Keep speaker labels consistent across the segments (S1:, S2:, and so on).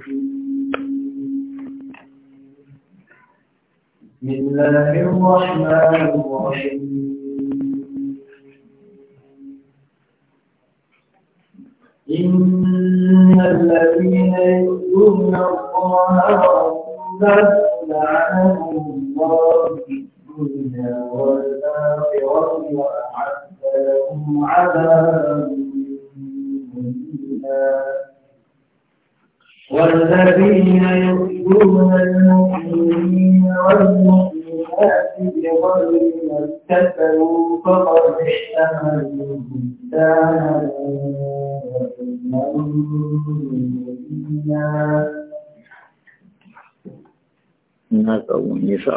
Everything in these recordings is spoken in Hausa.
S1: بسم الله الرحمن الرحيم إن الذين يؤذون الله ورسوله لعنهم الله في الدنيا والآخرة وأعد لهم عذابا مهينا والذين يؤمنون المؤمنين والمؤمنات بغير ما اكتسبوا فقد احتملوا بهتانا مبينا
S2: na tsawon ya sa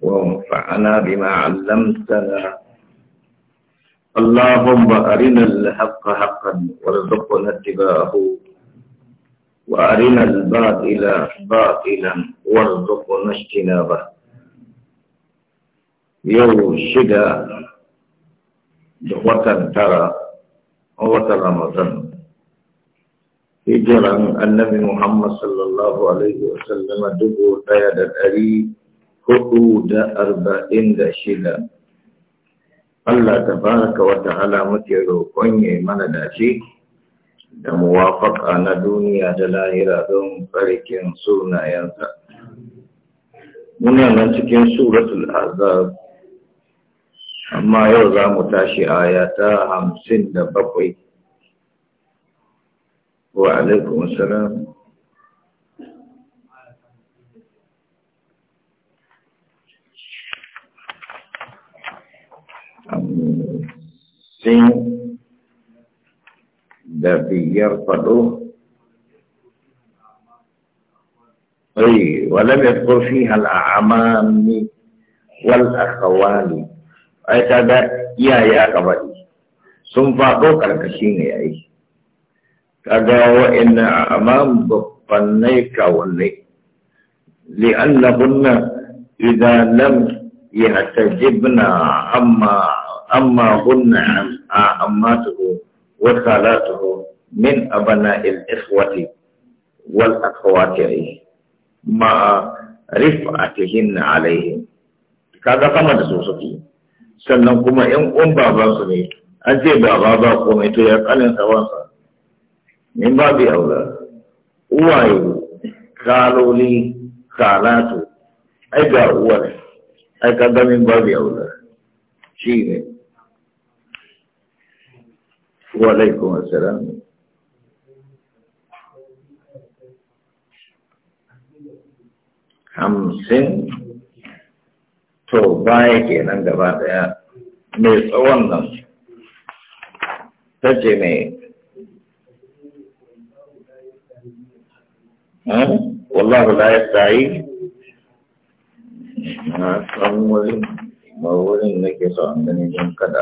S2: وانفعنا بما علمتنا اللهم أرنا الحق حقا وارزقنا اتباعه وأرنا الباطل باطلا وارزقنا اجتنابه يوم شدة ترى وطن رمضان hijiran النبي محمد صلى الله عليه وسلم دبو da ɗari hudu da arba'in da shida. Allah ta baraka wata hala muke roƙon ya mana dace da muwafaƙa na duniya da lahira don farkin sunayensa. Muna nan cikin suratul azab amma yau za mu tashi aya ta hamsin da bakwai. Wa alaikun salam. sing berpikir penuh Hai, walam yadkur fiha al-a'amani wal-akhawani. Ayat ada, iya ya kawai. Sumpah kau kan kesin ya. Kada wa inna a'amam bukpannai kawani. Li'annahunna idha lam يحتجبن أما أما هن أماته وخالاته من أبناء الإخوة والأخوات ما رفعتهن عليهم kaga sama da su suke sannan kuma in un baban su ne an ce baba ba komai to ya kalin sawansa in babu aula uwaye kaloli kalatu ai ga uwar ai kaga min babu yaula shi ne wa alaikum assalam hamsin to baya kenan gaba daya mai tsawon nan ta ce mai wallahu la yasta'i na san wurin ma wurin nake so an gani don kada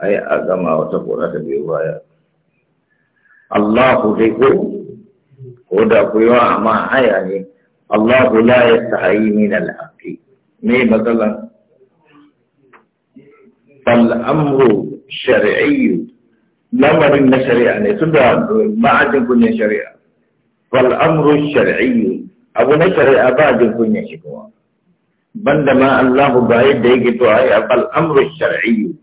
S2: ai a gama wata kora ta biyu baya Allahu dai ko ko da ku yawa amma aya ne Allahu la yastahi min al-haqqi me matsalan bal amru shar'iyyu lamarin na shari'a ne tunda ma'ajin kunyan shari'a bal amru shar'iyyu abu na shari'a ba jin kunyan shi kuma banda ma Allah ba yadda yake to ai al amru shar'i